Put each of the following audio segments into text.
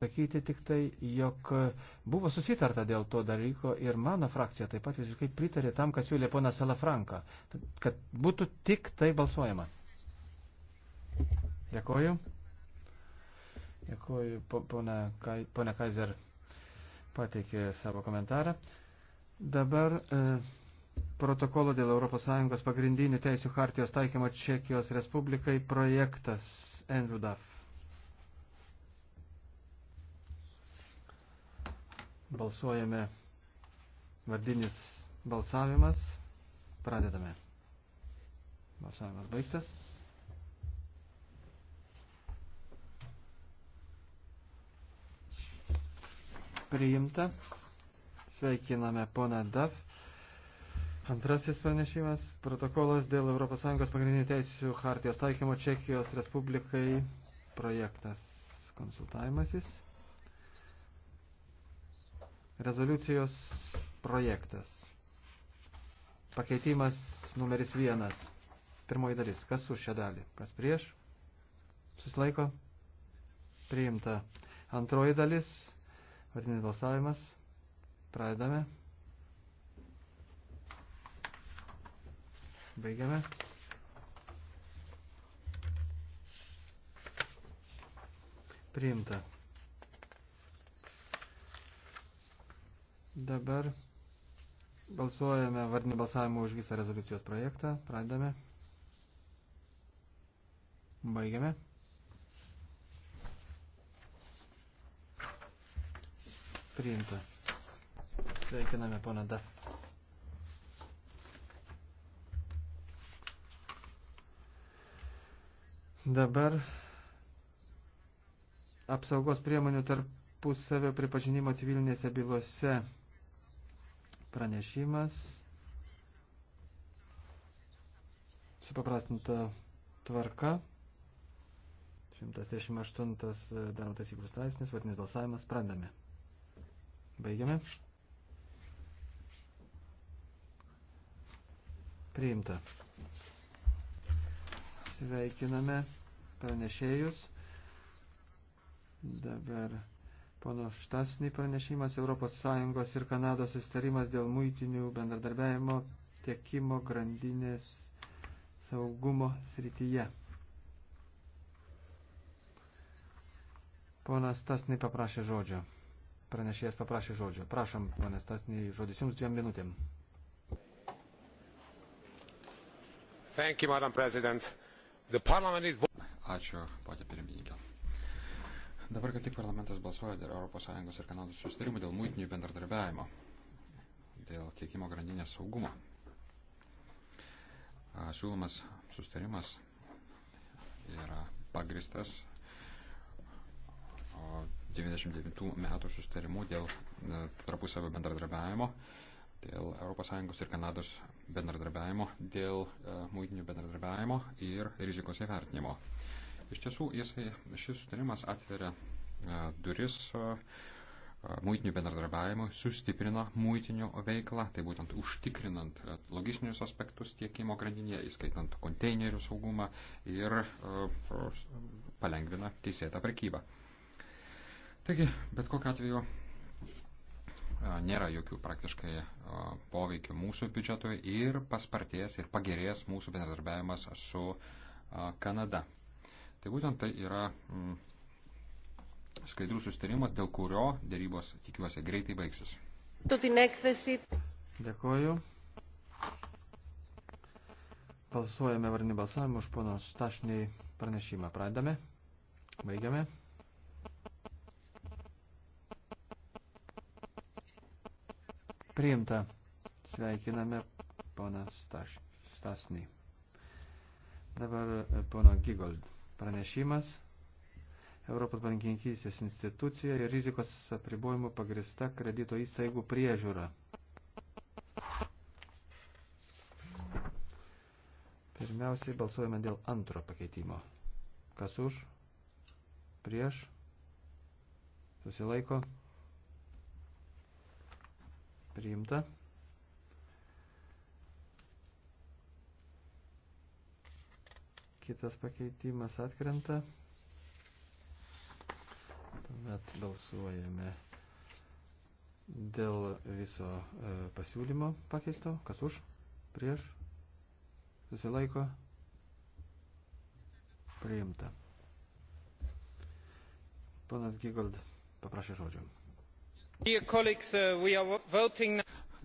Sakyti tik tai, jog e, buvo susitarta dėl to dalyko ir mano frakcija taip pat visiškai pritarė tam, kas siūlė pona Salafranka, kad būtų tik tai balsuojama. Dėkoju. Dėkoju, ponia Kaiser pateikė savo komentarą. Dabar e, protokolo dėl ES pagrindinių teisų hartijos taikymo Čekijos Respublikai projektas Andrew Duff. Balsuojame vardinis balsavimas. Pradedame. Balsavimas baigtas. Priimta. Sveikiname poną Dav. Antrasis pranešimas. Protokolas dėl ES pagrindinių teisių hartijos taikymo Čekijos Respublikai projektas konsultavimasis. Rezoliucijos projektas. Pakeitimas numeris vienas. Pirmoji dalis. Kas už šią dalį? Kas prieš? Susilaiko? Priimta. Antroji dalis. Vardinis balsavimas. Pradedame. Baigiame. Priimta. Dabar balsuojame vardinį balsavimą už visą rezoliucijos projektą. Pradedame. Baigiame. Priimta. Sveikiname poną Daf. Dabar apsaugos priemonių tarp tarpusavio pripažinimo civilinėse bylose pranešimas supaprastinta tvarka. 168 e, darbo taisyklių straipsnis, vardinis balsavimas, pradame. Baigiame. Priimta. Sveikiname pranešėjus. Dabar Pono Štasny pranešimas ES ir Kanados sustarimas dėl muitinių bendradarbiavimo tiekimo grandinės saugumo srityje. Ponas Stasny paprašė žodžio. Pranešėjas paprašė žodžio. Prašom, ponas Stasny, žodis jums dviem minutėm. Thank you, Madam President. The Parliament is... Ačiū, ponė pirmininkė Dabar, kad tik parlamentas balsuoja dėl ES ir Kanados sustarimų dėl mūtinių bendradarbiavimo, dėl tiekimo grandinės saugumo. Siūlomas sustarimas yra pagristas 99 metų sustarimu dėl e, tarpusavio bendradarbiavimo, dėl ES ir Kanados bendradarbiavimo, dėl e, mūtinių bendradarbiavimo ir rizikos įvertinimo. Iš tiesų, jisai, šis sutarimas atveria e, duris e, muitinių bendradarbiavimui, sustiprina muitinių veiklą, tai būtent užtikrinant e, logistinius aspektus tiekimo grandinėje, įskaitant konteinerių saugumą ir palengvina teisėtą prekybą. Taigi, bet kokiu atveju nėra jokių praktiškai poveikių mūsų biudžetui ir paspartės ir pagerės mūsų bendradarbiavimas su Kanada. Tai būtent tai yra mm, skaidrų sustarimas, dėl kurio dėrybos tikiuosi greitai baigsis. Dėkuoju. Balsuojame varnį balsavimą už pono Stašniai pranešimą. Pradame. Baigiame. Priimta. Sveikiname poną Staš, Stasnį. Dabar e, pono Gigold pranešimas Europos bankininkystės institucija ir rizikos apribojimų pagrista kredito įstaigų priežiūra. Pirmiausiai balsuojame dėl antro pakeitimo. Kas už? Prieš? Susilaiko? Priimta. Kitas pakeitimas atkrenta. Tuomet balsuojame dėl viso e, pasiūlymo pakeisto. Kas už? Prieš? Susilaiko? Priimta. Ponas Gigold paprašė žodžio. Uh,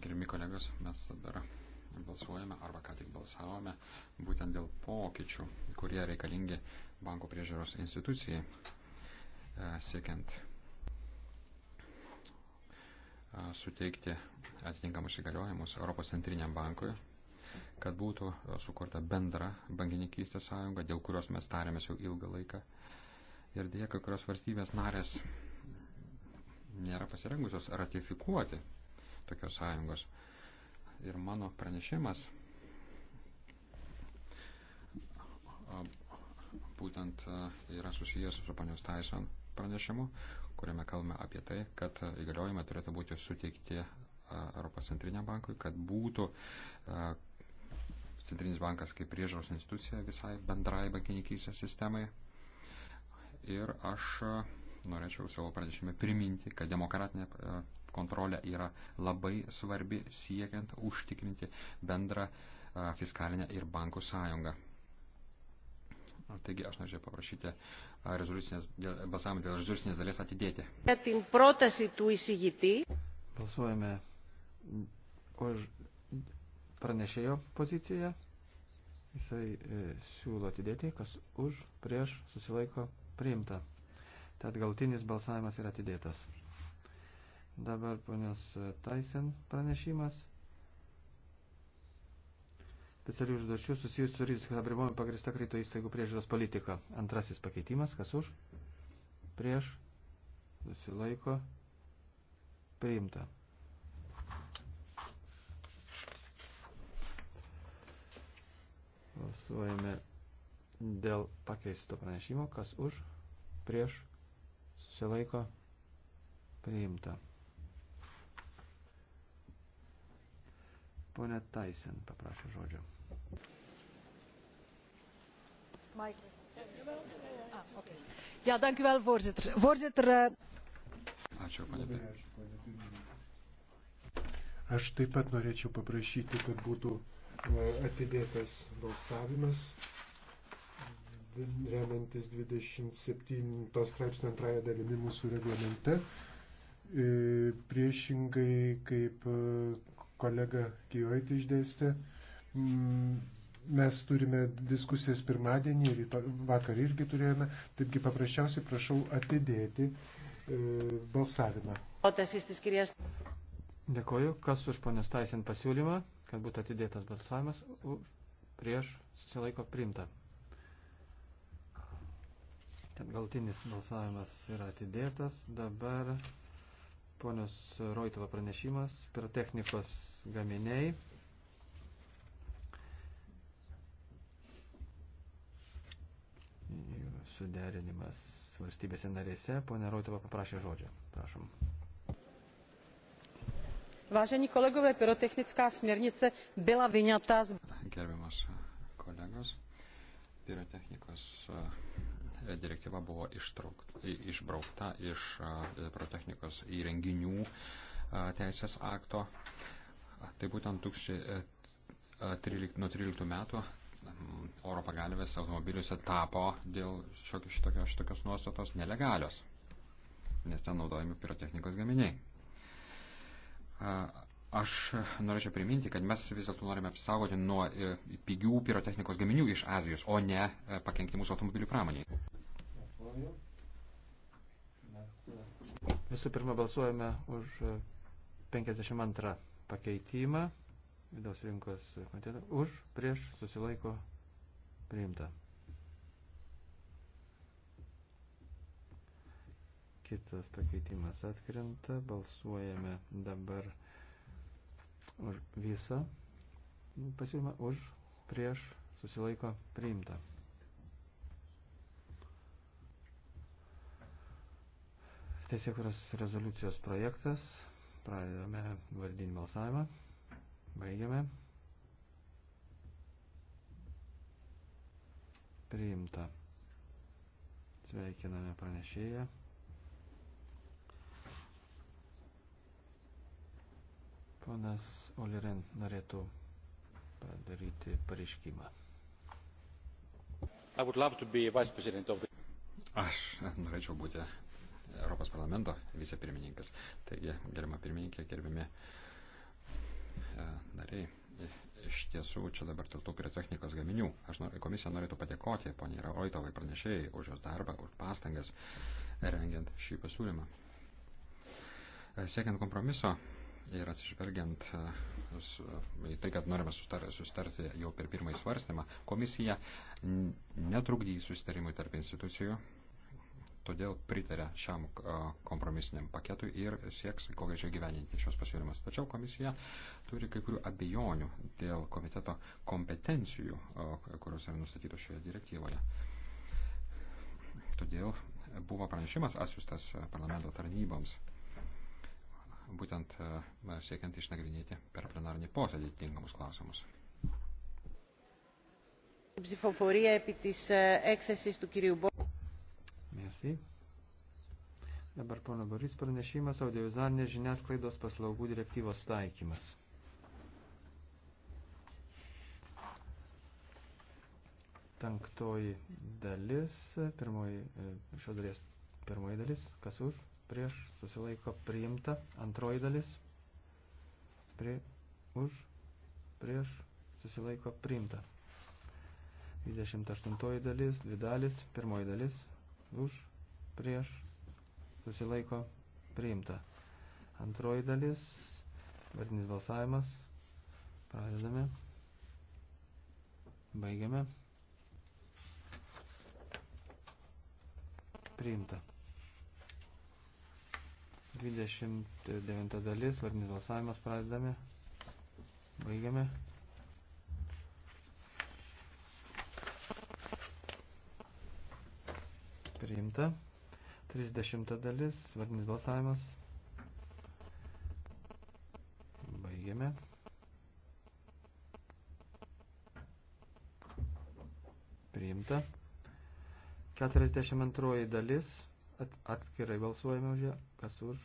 Gerimi kolegos, mes dar balsuojame arba ką tik balsavome būtent dėl pokyčių, kurie reikalingi banko priežiūros institucijai e, siekiant e, suteikti atitinkamus įgaliojimus Europos centriniam bankui, kad būtų e, sukurta bendra bankininkystės sąjunga, dėl kurios mes tarėmės jau ilgą laiką. Ir dėja, kai kurios valstybės narės nėra pasirengusios ratifikuoti tokios sąjungos ir mano pranešimas būtent yra susijęs su panios Tyson pranešimu, kuriame kalbame apie tai, kad įgaliojimai turėtų būti suteikti Europos centriniam bankui, kad būtų centrinis bankas kaip priežaros institucija visai bendrai bankininkysės sistemai. Ir aš norėčiau savo pranešime priminti, kad demokratinė kontrolė yra labai svarbi siekiant užtikrinti bendrą fiskalinę ir bankų sąjungą. Taigi aš norėčiau paprašyti balsavimą dėl rezoliucinės dalies atidėti. Balsuojame už pranešėjo poziciją. Jisai e, siūlo atidėti, kas už, prieš, susilaiko, priimta. Tad galtinis balsavimas yra atidėtas. Dabar ponios Taisen pranešimas. Specialių užduočių susijusių su rizikų apribojimu pagrįsta kredito įstaigų priežiūros politika. Antrasis pakeitimas. Kas už? Prieš. Susilaiko. Priimta. Balsuojame dėl pakeisto pranešimo. Kas už? Prieš. Susilaiko. Priimta. Pone Taisen paprašė žodžio. Ja, dank u wel, voorzitter. Voorzitter. Eh, Ačiū, pane Aš taip pat norėčiau paprašyti, kad būtų e, atidėtas balsavimas remiantis 27 straipsnio antrąją dalimi mūsų reglamente. E, priešingai kaip e, kolega Kijojt išdėstė. Mm, mes turime diskusijas pirmadienį, ryto, vakar irgi turėjome, taipgi paprasčiausiai prašau atidėti e, balsavimą. Dėkoju, kas už ponios Taisen pasiūlymą, kad būtų atidėtas balsavimas, prieš susilaiko primta. Galtinis balsavimas yra atidėtas, dabar Ponios Roitalo pranešimas, pirotechnikos gaminiai. Jų suderinimas valstybėse narėse. Pone Roitalo paprašė žodžio. Prašom. Vážení kolegové, pyrotechnická směrnice byla vyňata z... Gerbiamas kolegos, pirotechnikos uh, direktyva buvo išbraukta iš pirotechnikos įrenginių teisės akto. Tai būtent 13, e, nuo 13 metų mm, oro pagalvės automobiliuose tapo dėl šitokios, šitokios nuostatos nelegalios, nes ten naudojami pirotechnikos gaminiai. Aš norėčiau priminti, kad mes vis dėlto norime apsaugoti nuo e, pigių pirotechnikos gaminių iš Azijos, o ne e, pakenkimus automobilių pramoniai. Dėkuoju. Mes... E, Visų pirma, balsuojame už 52 e, pakeitimą vidaus rinkos komitetą. Už, prieš, susilaiko, priimta. Kitas pakeitimas atkrenta. Balsuojame dabar už visą pasiūlymą. Už, prieš, susilaiko, priimta. Teisėkuros rezoliucijos projektas. Pradedame vardinį balsavimą. Baigiame. Priimta. Sveikiname pranešėją. Ponas Oliren norėtų padaryti pareiškimą. Aš norėčiau būti Europos parlamento vicepirmininkas. Taigi, gerima pirmininkė, gerbiami e, nariai. Iš tiesų, čia dabar tiltų prie technikos gaminių. Aš nor, komisija norėtų padėkoti poniai Rauitovai pranešėjai už jos darbą, už pastangas rengiant šį pasiūlymą. E, siekiant kompromiso ir atsižvelgiant e, į tai, kad norime sustarti jau per pirmąjį svarstymą, komisija netrukdys sustarimui tarp institucijų todėl pritarė šiam kompromisiniam paketui ir sieks konkrečiai gyveninti šios pasiūlymus. Tačiau komisija turi kai kurių abejonių dėl komiteto kompetencijų, kurios yra nustatytos šioje direktyvoje. Todėl buvo pranešimas atsiustas parlamento tarnyboms, būtent siekiant išnagrinėti per plenarinį posėdį tinkamus klausimus. Ψηφοφορία επί της έκθεσης του κυρίου Μπόκ. Merci. Dabar pono Boris pranešimas audiovizualinės žiniasklaidos paslaugų direktyvos taikymas. Penktoji dalis, pirmoji, e, šios dalies pirmoji dalis, kas už, prieš, susilaiko priimta, antroji dalis, prie, už, prieš, susilaiko priimta. 28 dalis, dvi dalis, pirmoji dalis, už, prieš, susilaiko, priimta. Antroji dalis, vardinis balsavimas, pradedame, baigiame, priimta. 29 dalis, vardinis balsavimas, pradedame, baigiame. priimta. 30 dalis, vardinis balsavimas. Baigiame. Priimta. 42 dalis, at, atskirai balsuojame už ją, kas už,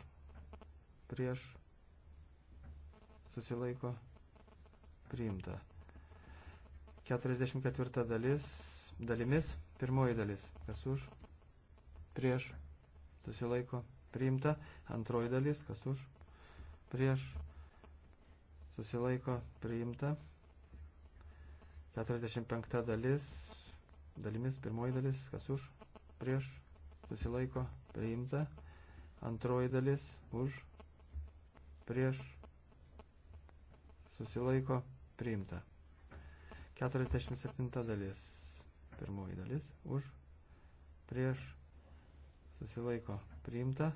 prieš, susilaiko, priimta. 44 dalis, dalimis, pirmoji dalis, kas už, prieš, susilaiko, priimta. Antroji dalis, kas už, prieš, susilaiko, priimta. 45 dalis, dalimis, pirmoji dalis, kas už, prieš, susilaiko, priimta. Antroji dalis, už, prieš, susilaiko, priimta. 47 dalis, pirmoji dalis, už, prieš, susilaiko priimta,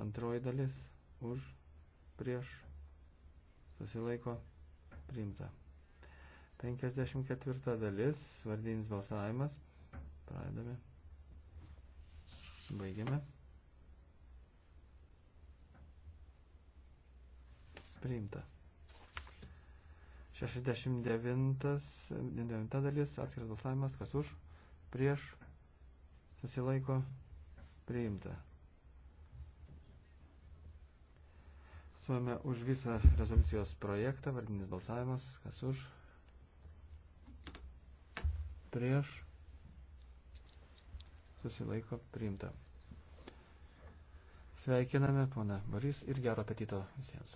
antroji dalis už, prieš, susilaiko priimta. 54 dalis, vardinis balsavimas, pradedame, baigiame. Priimta. 69 dalis, atskiras balsavimas, kas už, prieš, susilaiko priimta priimta. Suome už visą rezoliucijos projektą, vardinis balsavimas, kas už, prieš, susilaiko priimta. Sveikiname, pona Boris, ir gero apetito visiems.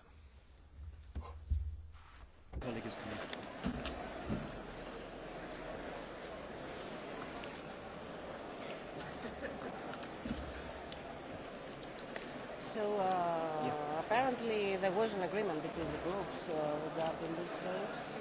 Kolegis, kolegis. So uh, yeah. apparently there was an agreement between the groups uh, regarding these things.